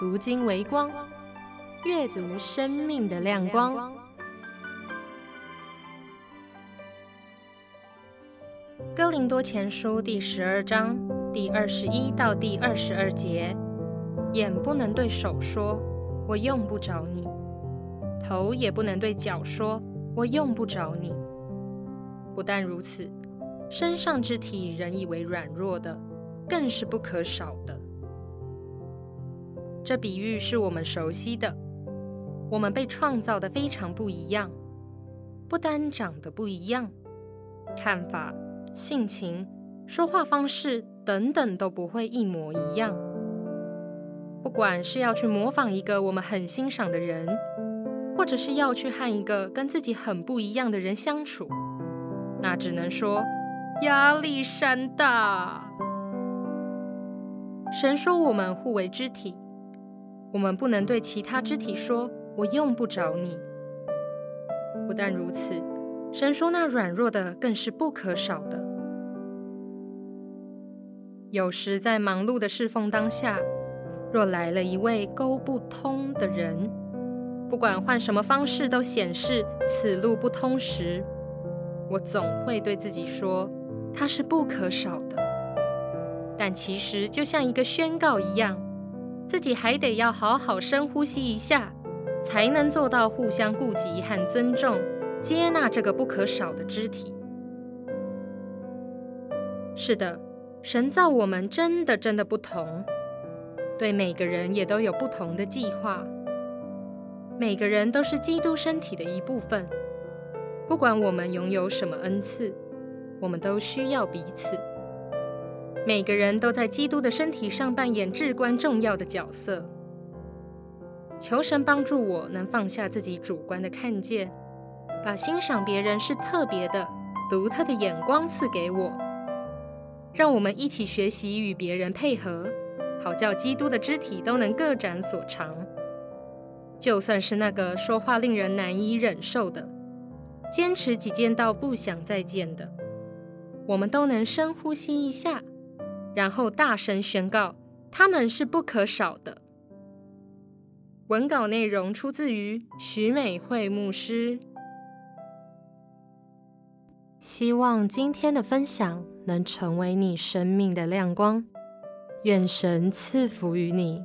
讀經微光，閱讀生命的亮光。《哥林多前書》第十二章第二十一到第二十二節：眼不能對手說“我用不着你”，頭也不能對腳說“我用不着你”。不但如此，身上肢體人以為軟弱的，更是不可少的。這比喻是我們熟悉的。我們被創造的非常不一樣，不單長得不一樣，看法、性情、說話方式等等都不會一模一樣。不管是要去模仿一個我們很欣賞的人，或者是要去和一個跟自己很不一樣的人相處，那只能說壓力山大。神說，我們互為肢體。我們不能對其他肢體說“我用不着你”。不但如此，神說那軟弱的更是不可少的。有時在忙碌的侍奉當下，若來了一位溝不通的人，不管換什麼方式都顯示此路不通時，我總會對自己說：“他是不可少的。”但其實就像一個宣告一樣。自己還得要好好深呼吸一下，才能做到互相顧及和尊重、接納這個不可少的肢體。是的，神造我們真的真的不同，對每個人也都有不同的計劃。每個人都是基督身體的一部分，不管我們擁有什麼恩賜，我們都需要彼此。每個人都在基督的身體上扮演至關重要的角色。求神幫助我能放下自己主觀的看見，把欣賞別人是特別的、獨特的眼光賜給我。讓我們一起學習與別人配合，好叫基督的肢體都能各展所長。就算是那個說話令人難以忍受的，堅持己見到不想再見的，我們都能深呼吸一下。然後大聲宣告，他們是不可少的。文稿內容出自於許美惠牧師。希望今天的分享能成為你生命的亮光，願神賜福於你。